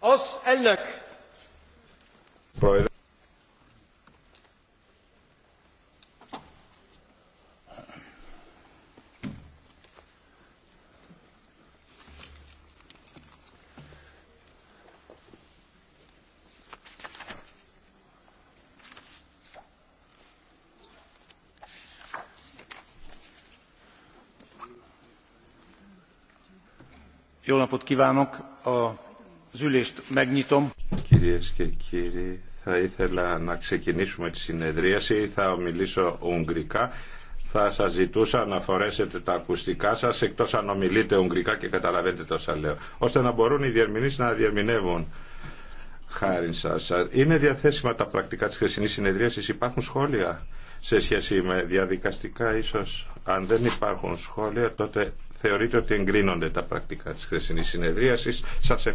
Ως Ελνεκ. Πρόεδρε. Jó napot kívánok! A Κυρίες και κύριοι, θα ήθελα να ξεκινήσουμε τη συνεδρίαση. Θα ομιλήσω ουγγρικά. Θα σας ζητούσα να φορέσετε τα ακουστικά σας, εκτός αν ομιλείτε ουγγρικά και καταλαβαίνετε τόσα λέω, ώστε να μπορούν οι διερμηνείς να διερμηνεύουν. Χάρη σας. Είναι διαθέσιμα τα πρακτικά της χρησινής συνεδρίασης. Υπάρχουν σχόλια σε σχέση με διαδικαστικά ίσως. Αν δεν υπάρχουν σχόλια, τότε θεωρείτε ότι εγκρίνονται τα πρακτικά της χρησινής συνεδρίασης. Σας